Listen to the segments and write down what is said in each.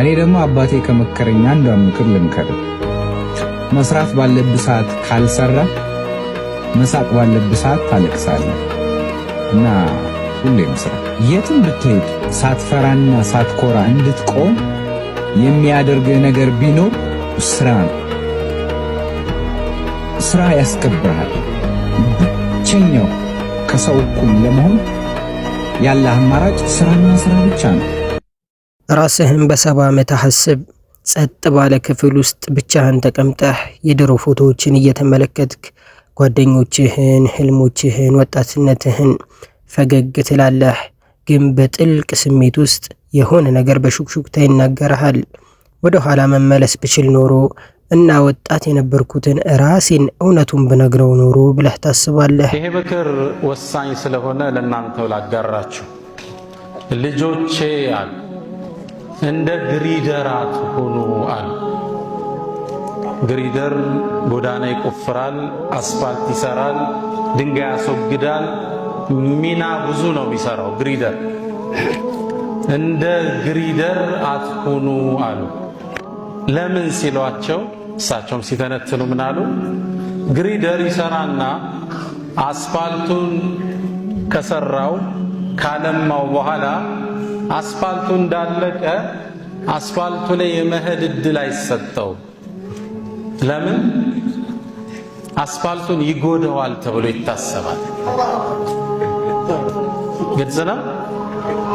እኔ ደግሞ አባቴ ከመከረኝ አንዷን ምክር ልምከር። መስራት ባለብህ ሰዓት ካልሰራ መሳቅ ባለብህ ሰዓት ታለቅሳለህ እና ሁሌም ስራ የትም ብትሄድ ሳትፈራና ሳትኮራ እንድትቆም የሚያደርገ ነገር ቢኖር ስራ ነው። ስራ ያስከብርሃል። ብቸኛው ከሰው እኩል ለመሆን ያለ አማራጭ ስራና ስራ ብቻ ነው። ራስህን በሰባ ዓመት አስብ። ጸጥ ባለ ክፍል ውስጥ ብቻህን ተቀምጠህ የድሮ ፎቶዎችን እየተመለከትክ ጓደኞችህን፣ ህልሞችህን፣ ወጣትነትህን ፈገግ ትላለህ። ግን በጥልቅ ስሜት ውስጥ የሆነ ነገር በሹክሹክታ ይናገርሃል። ወደ ኋላ መመለስ ብችል ኖሮ እና ወጣት የነበርኩትን ራሴን እውነቱን ብነግረው ኖሮ ብለህ ታስባለህ። ይሄ ምክር ወሳኝ ስለሆነ ለእናንተው ላጋራችሁ ልጆቼ አሉ እንደ ግሪደራት ሆኖ አለ። ግሪደር ጎዳና ይቆፍራል፣ አስፋልት ይሰራል፣ ድንጋይ ያስወግዳል። ሚና ብዙ ነው የሚሰራው ግሪደር። እንደ ግሪደር አትሆኑ አሉ። ለምን ሲሏቸው እሳቸውም ሲተነትኑ ምን አሉ? ግሪደር ይሰራና አስፋልቱን ከሰራው ካለማው በኋላ አስፋልቱ እንዳለቀ አስፋልቱ ላይ የመሄድ እድል አይሰጠው። ለምን? አስፋልቱን ይጎደዋል ተብሎ ይታሰባል። ግልጽ ነው።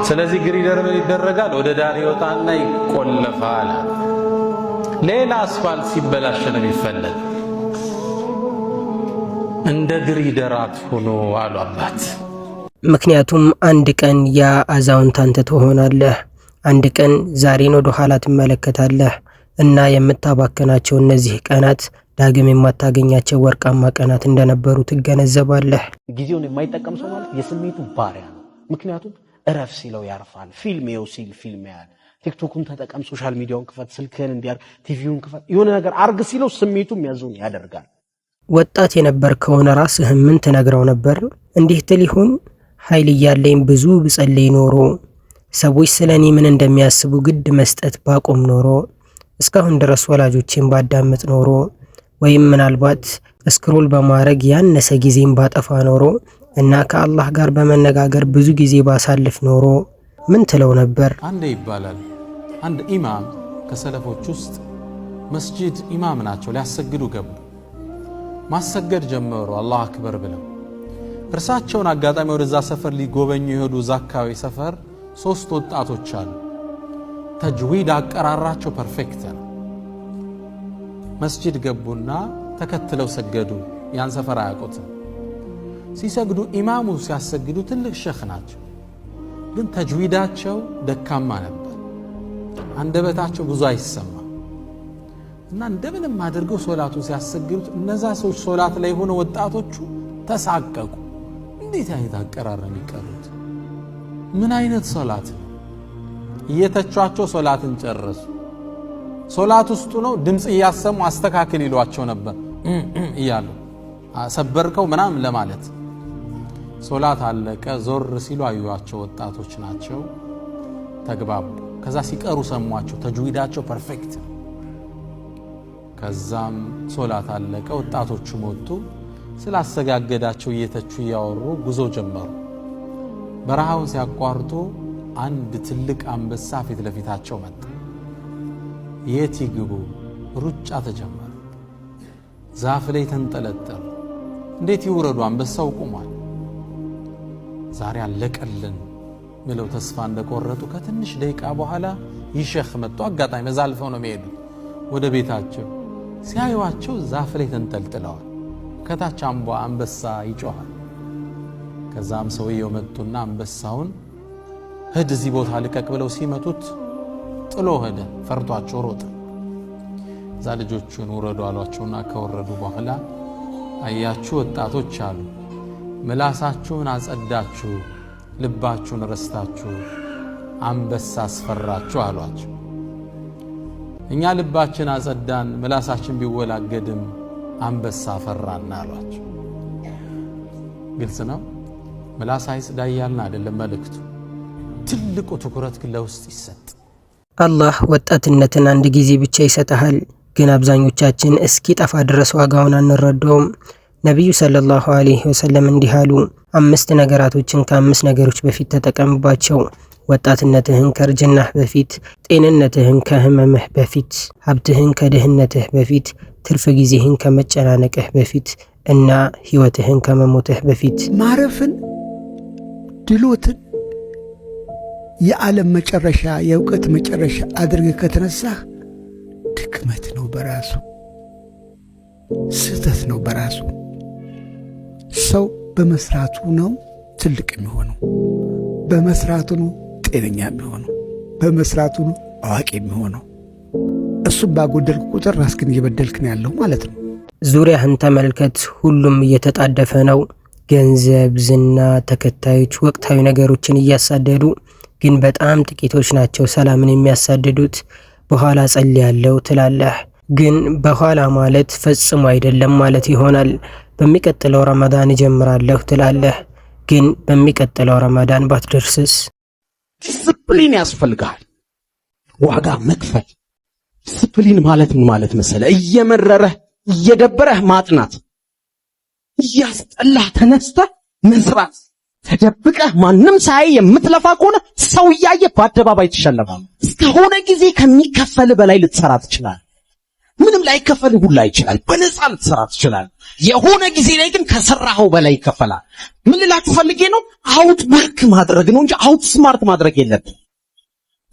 ስለዚህ ግሪደር ምን ይደረጋል? ወደ ዳር ይወጣና ይቆለፋል። ሌላ አስፋልት ሲበላሽ ነው የሚፈለግ። እንደ ግሪደራት ሆኖ አሉ አባት ምክንያቱም አንድ ቀን ያ አዛውንት አንተ ትሆናለህ። አንድ ቀን ዛሬን ወደ ኋላ ትመለከታለህ እና የምታባከናቸው እነዚህ ቀናት ዳግም የማታገኛቸው ወርቃማ ቀናት እንደነበሩ ትገነዘባለህ። ጊዜውን የማይጠቀም ሰው ማለት የስሜቱ ባሪያ ነው። ምክንያቱም እረፍ ሲለው ያርፋል። ፊልም የው ሲል ፊልም ያል ቲክቶኩን ተጠቀም፣ ሶሻል ሚዲያውን ክፈት፣ ስልክህን እንዲያር፣ ቲቪውን ክፈት፣ የሆነ ነገር አርግ ሲለው ስሜቱ ያዙን ያደርጋል። ወጣት የነበር ከሆነ ራስህ ምን ትነግረው ነበር? እንዲህ ትል ይሆን ኃይል እያለኝ ብዙ ብጸልይ ኖሮ ሰዎች ስለ እኔ ምን እንደሚያስቡ ግድ መስጠት ባቆም ኖሮ እስካሁን ድረስ ወላጆቼን ባዳምጥ ኖሮ ወይም ምናልባት ስክሮል በማድረግ ያነሰ ጊዜን ባጠፋ ኖሮ እና ከአላህ ጋር በመነጋገር ብዙ ጊዜ ባሳልፍ ኖሮ ምን ትለው ነበር? አንዴ ይባላል አንድ ኢማም ከሰለፎች ውስጥ መስጂድ ኢማም ናቸው። ሊያሰግዱ ገቡ። ማሰገድ ጀመሩ አላሁ አክበር ብለው እርሳቸውን አጋጣሚ ወደዛ ሰፈር ሊጎበኙ የሄዱ እዛ አካባቢ ሰፈር ሶስት ወጣቶች አሉ። ተጅዊድ አቀራራቸው ፐርፌክት ነው። መስጂድ ገቡና ተከትለው ሰገዱ። ያን ሰፈር አያውቁትም። ሲሰግዱ ኢማሙ ሲያሰግዱ ትልቅ ሸኽ ናቸው፣ ግን ተጅዊዳቸው ደካማ ነበር። አንደበታቸው ብዙ አይሰማ እና እንደምንም አድርገው ሶላቱን ሲያሰግዱት እነዛ ሰዎች ሶላት ላይ የሆነ ወጣቶቹ ተሳቀቁ። እንዴት አይነት አቀራረብ የሚቀሩት? ምን አይነት ሶላት ነው? እየተቿቸው ሶላትን ጨረሱ። ሶላት ውስጡ ነው ድምፅ እያሰሙ አስተካክል ይሏቸው ነበር እያሉ ሰበርከው ምናምን ለማለት ሶላት አለቀ። ዞር ሲሉ አዩዋቸው፣ ወጣቶች ናቸው። ተግባቡ። ከዛ ሲቀሩ ሰሟቸው። ተጅዊዳቸው ፐርፌክት። ከዛም ሶላት አለቀ። ወጣቶቹም ወጡ። ስላሰጋገዳቸው እየተቹ እያወሩ ጉዞ ጀመሩ። በረሃውን ሲያቋርጡ አንድ ትልቅ አንበሳ ፊት ለፊታቸው መጣ። የት ይግቡ? ሩጫ ተጀመረ። ዛፍ ላይ ተንጠለጠሉ። እንዴት ይውረዱ? አንበሳው ቁሟል። ዛሬ አለቀልን ብለው ተስፋ እንደቆረጡ ከትንሽ ደቂቃ በኋላ ይሸህ መጡ። አጋጣሚ መዛልፈው አልፈው ነው የሚሄዱት ወደ ቤታቸው። ሲያዩዋቸው ዛፍ ላይ ተንጠልጥለዋል። ከታች አምቧ አንበሳ ይጮኋል። ከዛም ሰውየው መጡና አንበሳውን ህድ እዚህ ቦታ ልቀቅ ብለው ሲመቱት ጥሎ ሄደ። ፈርቷቸው ሮጠ። እዛ ልጆቹን ውረዱ አሏቸውና ከወረዱ በኋላ አያችሁ ወጣቶች አሉ ምላሳችሁን አጸዳችሁ፣ ልባችሁን ረስታችሁ አንበሳ አስፈራችሁ አሏቸው። እኛ ልባችን አጸዳን፣ ምላሳችን ቢወላገድም አንበሳ ፈራና አሏቸው። ግልጽ ነው። ምላስ አይጽዳ እያልን አይደለም መልእክቱ። ትልቁ ትኩረት ግን ለውስጥ ይሰጥ። አላህ ወጣትነትን አንድ ጊዜ ብቻ ይሰጠሃል፣ ግን አብዛኞቻችን እስኪ ጠፋ ድረስ ዋጋውን አንረዳውም። ነቢዩ ሰለላሁ ዐለይሂ ወሰለም እንዲህ አሉ፣ አምስት ነገራቶችን ከአምስት ነገሮች በፊት ተጠቀምባቸው ወጣትነትህን ከእርጅናህ በፊት፣ ጤንነትህን ከህመምህ በፊት፣ ሀብትህን ከድህነትህ በፊት፣ ትርፍ ጊዜህን ከመጨናነቅህ በፊት እና ሕይወትህን ከመሞትህ በፊት ማረፍን፣ ድሎትን የዓለም መጨረሻ የእውቀት መጨረሻ አድርገህ ከተነሳህ ድክመት ነው በራሱ ስህተት ነው በራሱ። ሰው በመስራቱ ነው ትልቅ የሚሆነው፣ በመስራቱ ነው ጤነኛ የሚሆነው፣ በመስራቱ ነው አዋቂ የሚሆነው። እሱም ባጎደልክ ቁጥር ራስክን እየበደልክ ነው ያለው ማለት ነው። ዙሪያህን ተመልከት፣ ሁሉም እየተጣደፈ ነው። ገንዘብ፣ ዝና፣ ተከታዮች ወቅታዊ ነገሮችን እያሳደዱ ግን በጣም ጥቂቶች ናቸው ሰላምን የሚያሳድዱት። በኋላ ጸልያለሁ ትላለህ፣ ግን በኋላ ማለት ፈጽሞ አይደለም ማለት ይሆናል። በሚቀጥለው ረመዳን እጀምራለሁ ትላለህ፣ ግን በሚቀጥለው ረመዳን ባትደርስስ? ዲስፕሊን ያስፈልጋል፣ ዋጋ መክፈል ዲስፕሊን ማለት ምን ማለት መሰለ? እየመረረህ እየደበረህ ማጥናት፣ እያስጠላህ ተነስተህ መስራት፣ ተደብቀህ ማንም ሳይ የምትለፋ ከሆነ ሰው እያየ በአደባባይ ትሸለፋለህ። እስከሆነ ጊዜ ከሚከፈል በላይ ልትሰራ ትችላለህ። ምንም ላይከፈል ሁላ ይችላል። በነፃ ልትሰራ ትችላለህ። የሆነ ጊዜ ላይ ግን ከሰራኸው በላይ ይከፈላል። ምን ልላችሁ ነው፣ አውት ማርክ ማድረግ ነው እንጂ አውት ስማርት ማድረግ የለብህ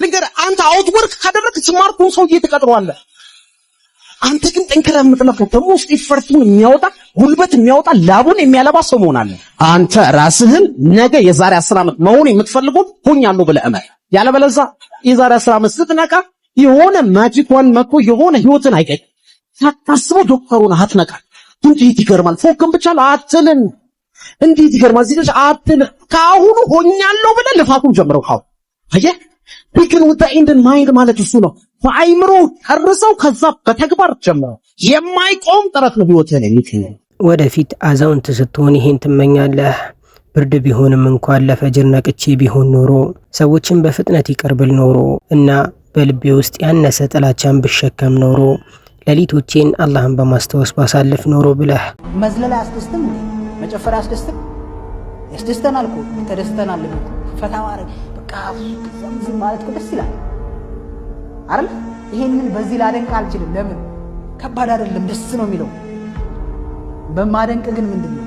ልንገር አንተ አውትወርክ ካደረግ ስማርቱን ሰውዬ ትቀጥረዋለህ። አንተ ግን ጠንክረህ የምትለፈው ደግሞ ውስጥ ኢፈርቱን የሚያወጣ ጉልበት የሚያወጣ ላቡን የሚያለባ ሰው መሆን አለ። አንተ ራስህን ነገ የዛሬ አስር ዓመት መሆን የምትፈልገው ሆኛለሁ ብለህ እመር። ያለበለዛ የዛሬ አስር ዓመት ስትነቃ የሆነ ማጂኳን መኮ የሆነ ህይወትን አይቀጭ ሳታስበው ዶክተሩን አትነቃል። እንዴት ይገርማል! ፎክም ብቻ አትልን። እንዴት ይገርማል! እዚህ አትልን። ከአሁኑ ሆኛለሁ ብለህ ልፋቱን ጀምረው ካሁን አየህ ቢግን ውጣ ኢንድን ማይንድ ማለት እሱ ነው። በአይምሮ ጨርሰው ከዛ በተግባር ጀምረው የማይቆም ጥረት ነው ህይወትህን የሚገኘው። ወደፊት አዛውንት ስትሆን ይሄን ትመኛለህ። ብርድ ቢሆንም እንኳን ለፈጅር ነቅቼ ቢሆን ኖሮ ሰዎችን በፍጥነት ይቀርብል ኖሮ እና በልቤ ውስጥ ያነሰ ጥላቻን ብሸከም ኖሮ ሌሊቶቼን አላህን በማስታወስ ባሳልፍ ኖሮ ብለህ መዝለል አያስደስትም። መጨፈር አያስደስትም። ያስደስተናል እኮ ተደስተናል። ፈታ ማድረግ ዝም ማለት ደስ ይላል አይደል? ይሄንን በዚህ ላደንቅ አልችልም። ለምን ከባድ አይደለም፣ ደስ ነው የሚለው። በማደንቅ ግን ምንድን ነው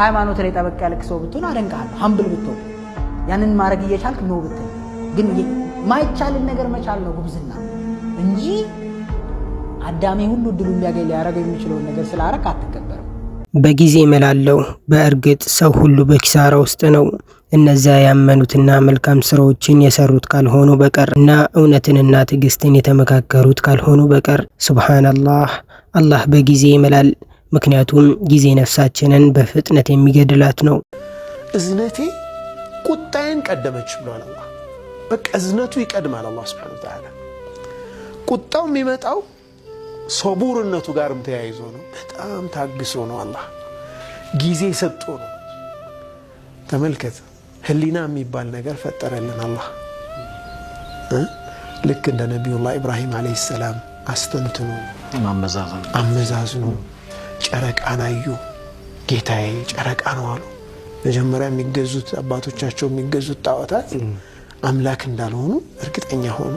ሃይማኖት ላይ ጠበቅ ያልክ ሰው ብትሆን አደንቅሃለሁ። ሀምብል ብትሆን ያንን ማድረግ እየቻልክ ነው ብትሆን ግን ማይቻልን ነገር መቻል ነው ጉብዝና እንጂ አዳሜ ሁሉ እድሉ የሚያገኝ ሊያደረገው የሚችለውን ነገር ስላረክ አትከበርም። በጊዜ መላለው። በእርግጥ ሰው ሁሉ በኪሳራ ውስጥ ነው። እነዚያ ያመኑትና መልካም ስራዎችን የሰሩት ካልሆኑ በቀር እና እውነትንና ትዕግስትን የተመካከሩት ካልሆኑ በቀር ሱብሃነላህ፣ አላህ በጊዜ ይምላል። ምክንያቱም ጊዜ ነፍሳችንን በፍጥነት የሚገድላት ነው። እዝነቴ ቁጣዬን ቀደመች ብሏል አላህ። በቃ እዝነቱ ይቀድማል አላህ ሱብሓነሁ ወተዓላ። ቁጣው የሚመጣው ሰቡርነቱ ጋርም ተያይዞ ነው። በጣም ታግሶ ነው አላህ ጊዜ ሰጥቶ ነው። ተመልከት። ህሊና የሚባል ነገር ፈጠረልን አላህ። ልክ እንደ ነቢዩላህ ኢብራሂም ዓለይሂ ሰላም አስተንትኑ፣ አመዛዝኑ። ጨረቃን አዩ። ጌታዬ ጨረቃ ነው አሉ። መጀመሪያ የሚገዙት አባቶቻቸው የሚገዙት ጣዖታት አምላክ እንዳልሆኑ እርግጠኛ ሆኑ።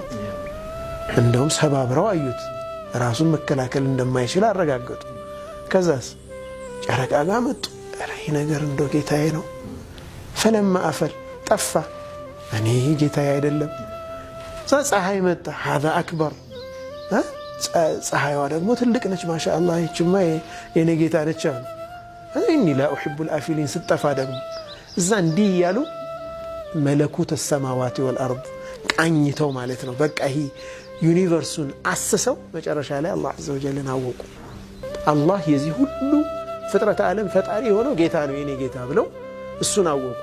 እንደውም ሰባብረው አዩት። ራሱን መከላከል እንደማይችል አረጋገጡ። ከዛስ ጨረቃ ጋር መጡ። ይህ ነገር እንደ ጌታዬ ነው ፈለማ አፈል ጠፋ። እኔ ጌታ አይደለም። እዛ ፀሐይ መጣ። ሀዛ አክበር ፀሐይዋ ደግሞ ትልቅ ነች። ማሻ አላህ ይችማ የኔ ጌታ ነች አሉ። እኒ ላ ኡሒቡል አፊሊን ስጠፋ ደግሞ እዛ እንዲህ እያሉ መለኩት ሰማዋት ወልአርድ ቃኝተው ማለት ነው። በቃ ይሄ ዩኒቨርሱን አስሰው መጨረሻ ላይ አላህ አዘወጀልን አወቁ። አላህ የዚህ ሁሉ ፍጥረት ዓለም ፈጣሪ የሆነው ጌታ ነው የኔ ጌታ ብለው እሱን አወቁ።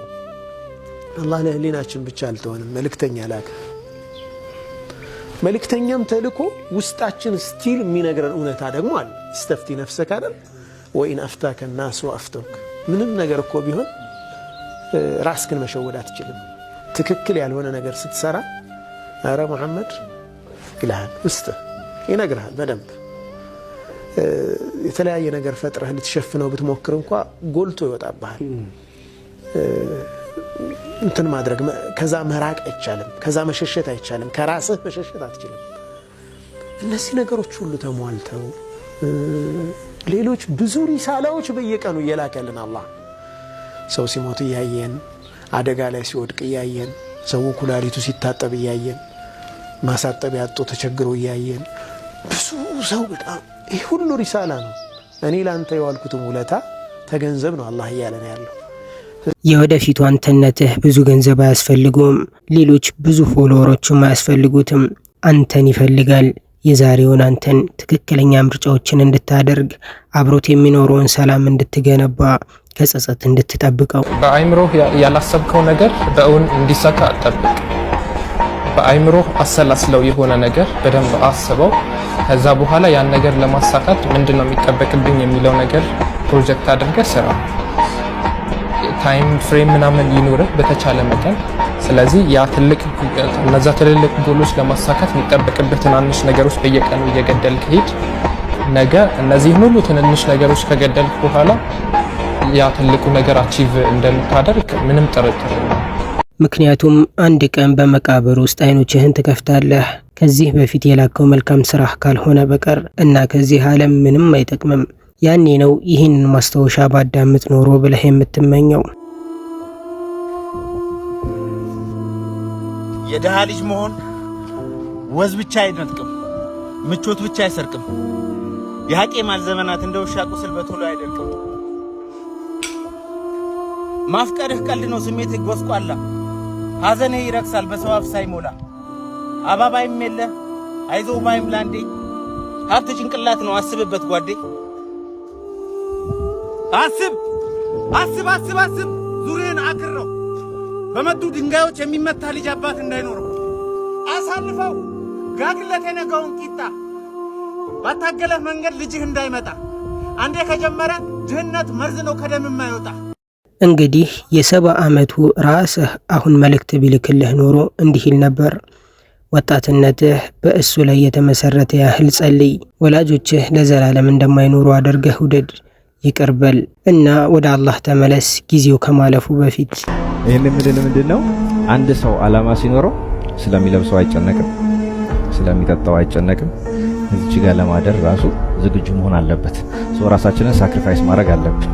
አላህ ለህሊናችን ብቻ አልተሆንም፣ መልእክተኛ ላከ። መልእክተኛም ተልኮ ውስጣችን ስቲል የሚነግረን እውነታ ደግሞ አለ። ስተፍቲ ነፍሰክ አይደል ወኢን አፍታከ ናስ ወአፍቶክ። ምንም ነገር እኮ ቢሆን ራስክን መሸወድ አትችልም። ትክክል ያልሆነ ነገር ስትሰራ አረ ሙሐመድ ይልሃል፣ ውስጥ ይነግርሃል በደንብ የተለያየ ነገር ፈጥረህ ልትሸፍነው ብትሞክር እንኳ ጎልቶ ይወጣብሃል። እንትን ማድረግ ከዛ መራቅ አይቻልም። ከዛ መሸሸት አይቻልም። ከራስህ መሸሸት አትችልም። እነዚህ ነገሮች ሁሉ ተሟልተው ሌሎች ብዙ ሪሳላዎች በየቀኑ እየላከልን አላህ ሰው ሲሞት እያየን አደጋ ላይ ሲወድቅ እያየን ሰው ኩላሊቱ ሲታጠብ እያየን ማሳጠብ ያጡ ተቸግሮ እያየን ብዙ ሰው በጣም ይህ ሁሉ ሪሳላ ነው። እኔ ለአንተ የዋልኩትም ውለታ ተገንዘብ ነው አላህ እያለን ያለው የወደፊቱ አንተነትህ ብዙ ገንዘብ አያስፈልጉም ሌሎች ብዙ ፎሎወሮችም አያስፈልጉትም። አንተን ይፈልጋል። የዛሬውን አንተን ትክክለኛ ምርጫዎችን እንድታደርግ አብሮት የሚኖረውን ሰላም እንድትገነባ ከጸጸት እንድትጠብቀው በአይምሮህ ያላሰብከው ነገር በእውን እንዲሰካ አጠብቅ። በአይምሮህ አሰላስለው የሆነ ነገር በደንብ አስበው። ከዛ በኋላ ያን ነገር ለማሳካት ምንድን ነው የሚጠበቅብኝ የሚለው ነገር ፕሮጀክት አድርገህ ስራ። ታይም ፍሬም ምናምን ይኖርህ በተቻለ መጠን። ስለዚህ ያ ትልቅ እነዛ ትልልቅ ጎሎች ለማሳካት የሚጠበቅብህ ትናንሽ ነገሮች በየቀኑ እየገደል ከሄድ ነገ እነዚህ ሁሉ ትንንሽ ነገሮች ከገደልክ በኋላ ያ ትልቁ ነገር አቺቭ እንደምታደርግ ምንም ጥርጥር ምክንያቱም አንድ ቀን በመቃብር ውስጥ አይኖችህን ትከፍታለህ ከዚህ በፊት የላከው መልካም ስራህ ካልሆነ በቀር እና ከዚህ ዓለም ምንም አይጠቅምም። ያኔ ነው ይህንን ማስታወሻ ባዳምጥ ኖሮ ብለህ የምትመኘው። የድሃ ልጅ መሆን ወዝ ብቻ አይነጥቅም፣ ምቾት ብቻ አይሰርቅም። ማል ዘመናት እንደ ውሻ ቁስል በቶሎ አይደርቅም። ማፍቀርህ ቀልድ ነው፣ ስሜት ጎስቋላ፣ ሐዘንህ ይረክሳል በሰው አፍ ሳይሞላ። አባባይም የለ አይዞባይም ባይም ላንዴ፣ ሀብት ጭንቅላት ነው አስብበት ጓዴ። አስብ አስብ አስብ አስብ ዙሪያን አክረው በመጡ ድንጋዮች የሚመታ ልጅ አባት እንዳይኖረው አሳልፈው ጋግለት የነገውን ቂጣ ባታገለህ መንገድ ልጅህ እንዳይመጣ አንዴ ከጀመረ ድህነት መርዝ ነው ከደም የማይወጣ። እንግዲህ የሰባ ዓመቱ ራስህ አሁን መልእክት ቢልክልህ ኖሮ እንዲህ ይል ነበር። ወጣትነትህ በእሱ ላይ የተመሰረተ ያህል ጸልይ። ወላጆችህ ለዘላለም እንደማይኖሩ አድርገህ ውደድ። ይቅር እና ወደ አላህ ተመለስ ጊዜው ከማለፉ በፊት። ይህን ምድል ምንድን ነው? አንድ ሰው አላማ ሲኖረው ስለሚለብሰው አይጨነቅም፣ ስለሚጠጣው አይጨነቅም። እዚች ጋር ለማደር ራሱ ዝግጁ መሆን አለበት። ሰው ራሳችንን ሳክሪፋይስ ማድረግ አለብን።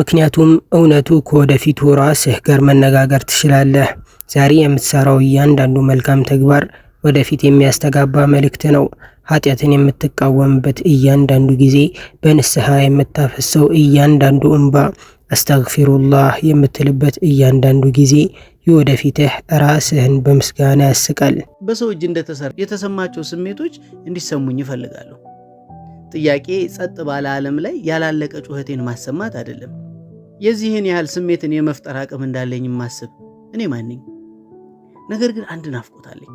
ምክንያቱም እውነቱ ከወደፊቱ ራስህ ጋር መነጋገር ትችላለህ። ዛሬ የምትሰራው እያንዳንዱ መልካም ተግባር ወደፊት የሚያስተጋባ መልእክት ነው። ኃጢአትን የምትቃወምበት እያንዳንዱ ጊዜ፣ በንስሐ የምታፈሰው እያንዳንዱ እንባ፣ አስተግፊሩላህ የምትልበት እያንዳንዱ ጊዜ የወደፊትህ ራስህን በምስጋና ያስቃል። በሰው እጅ እንደተሰራ የተሰማቸው ስሜቶች እንዲሰሙኝ ይፈልጋሉ። ጥያቄ ጸጥ ባለ ዓለም ላይ ያላለቀ ጩኸቴን ማሰማት አይደለም። የዚህን ያህል ስሜትን የመፍጠር አቅም እንዳለኝ ማስብ እኔ ማንኝ። ነገር ግን አንድ ናፍቆት አለኝ፣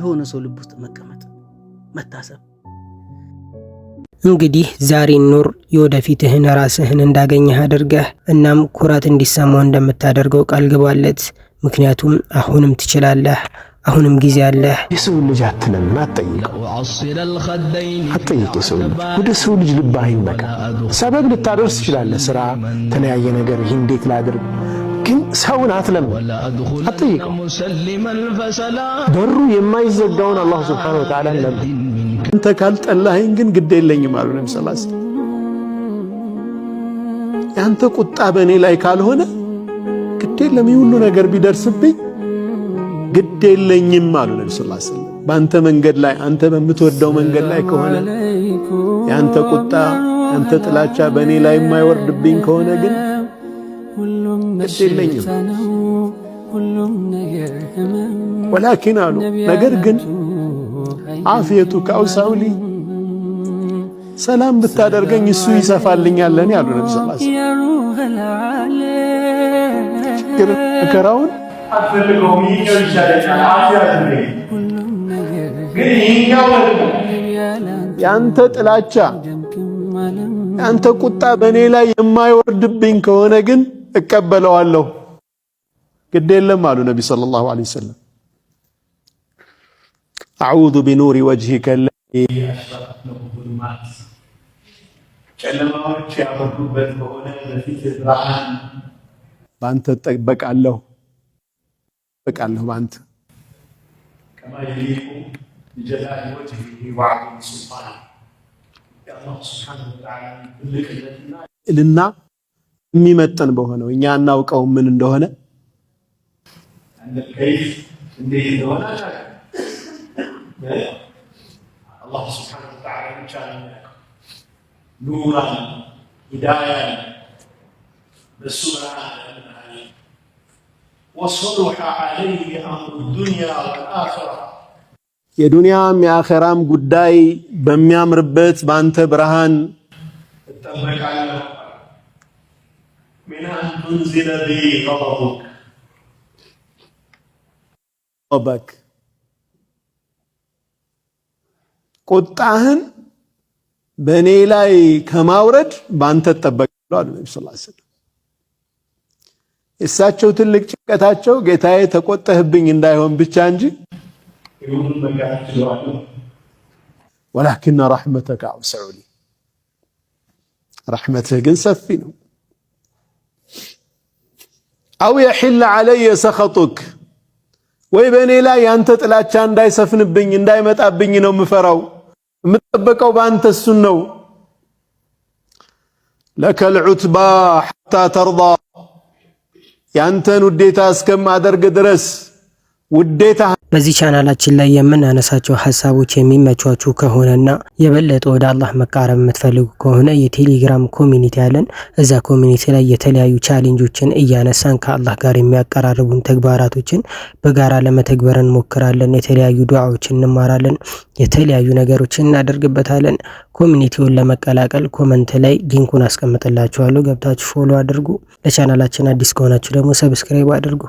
የሆነ ሰው ልብ ውስጥ መቀመጥ መታሰብ። እንግዲህ ዛሬን ኑር፣ የወደፊትህን ራስህን እንዳገኘህ አድርገህ እናም ኩራት እንዲሰማው እንደምታደርገው ቃል ግባለት። ምክንያቱም አሁንም ትችላለህ፣ አሁንም ጊዜ አለህ። የሰው ልጅ አትነም፣ አትጠይቅ፣ አትጠይቅ። የሰው ልጅ ወደ ሰው ልጅ ልብ አይመካ። ሰበብ ልታደርስ ትችላለህ፣ ስራ፣ ተለያየ ነገር፣ ይህ እንዴት ላድርግ ግን ሰውን አትለም፣ አትጠይቀው። በሩ የማይዘጋውን አላህ ስብሓነሁ ወተዓላ ለምን አንተ ካልጠላኸኝ ግን ግድ የለኝም አሉ ነብዩ ሰለላሁ ዐለይሂ ወሰለም። ያንተ ቁጣ በእኔ ላይ ካልሆነ ግድ የለም ይህ ሁሉ ነገር ቢደርስብኝ ግድ የለኝም አሉ ነብዩ ሰለላሁ ዐለይሂ ወሰለም። በአንተ መንገድ ላይ አንተ በምትወደው መንገድ ላይ ከሆነ ያንተ ቁጣ አንተ ጥላቻ በእኔ ላይ የማይወርድብኝ ከሆነ ግን ግድ የለኝም። ወላኪን አሉ ነገር ግን አፌቱ ከአውሳውሊ ሰላም ብታደርገኝ እሱ ይሰፋልኛል ለኔ አሉ ነብዩ ሰለላሁ ዐለይሂ ወሰለም። ከራውን አትፈልገውም ያንተ ጥላቻ ያንተ ቁጣ በኔ ላይ የማይወርድብኝ ከሆነ ግን እቀበለዋለሁ ግድ የለም አሉ ነብዩ ሰለላሁ ዐለይሂ ወሰለም። አዑዙ ቢኑሪ ወጅሂከ ظሉማት ጨለማዎች ያበሩበት በሆነ በፊት ብርሃን በአንተ እጠበቃለሁ እጠበቃለሁ በአንተ ከማ የሊቁ ጀላሊ ወጅሂ ወዐዚም ሱልጣኒሂ የአላህ ሱብሓነሁ ወተዓላ ትልቅነትና ልና የሚመጥን በሆነው እኛ አናውቀውም ምን እንደሆነ እንዴት እንደሆነ الله سبحانه وتعالى إن كان نورا هدايا بسر وصلح عليه أمر الدنيا والآخرة የዱንያም የአኸራም ጉዳይ በሚያምርበት በአንተ ብርሃን እጠበቃለሁ። ምን بي ቢ ቀበቡክ ቁጣህን በእኔ ላይ ከማውረድ በአንተ እጠበቃለሁ ብለዋል ነቢ ስ ስለም። የእሳቸው ትልቅ ጭንቀታቸው ጌታዬ ተቆጠህብኝ እንዳይሆን ብቻ እንጂ ወላኪነ ረሕመተከ አውስዑ ሊ ረሕመትህ ግን ሰፊ ነው። አው የሒለ ዓለየ ሰኸጡክ ወይ በእኔ ላይ ያንተ ጥላቻ እንዳይሰፍንብኝ እንዳይመጣብኝ ነው የምፈራው የምጠበቀው በአንተ እሱን ነው። ለከል ዑትባ ሐታ ተርዳ ያንተን ውዴታ እስከማደርግ ድረስ ውዴታ በዚህ ቻናላችን ላይ የምናነሳቸው ሀሳቦች የሚመቿችሁ ከሆነና የበለጠ ወደ አላህ መቃረብ የምትፈልጉ ከሆነ የቴሌግራም ኮሚኒቲ አለን። እዛ ኮሚኒቲ ላይ የተለያዩ ቻሌንጆችን እያነሳን ከአላህ ጋር የሚያቀራርቡን ተግባራቶችን በጋራ ለመተግበር እንሞክራለን። የተለያዩ ዱዓዎችን እንማራለን። የተለያዩ ነገሮችን እናደርግበታለን። ኮሚኒቲውን ለመቀላቀል ኮመንት ላይ ሊንኩን አስቀምጥላችኋለሁ። ገብታችሁ ፎሎ አድርጉ። ለቻናላችን አዲስ ከሆናችሁ ደግሞ ሰብስክራይብ አድርጉ።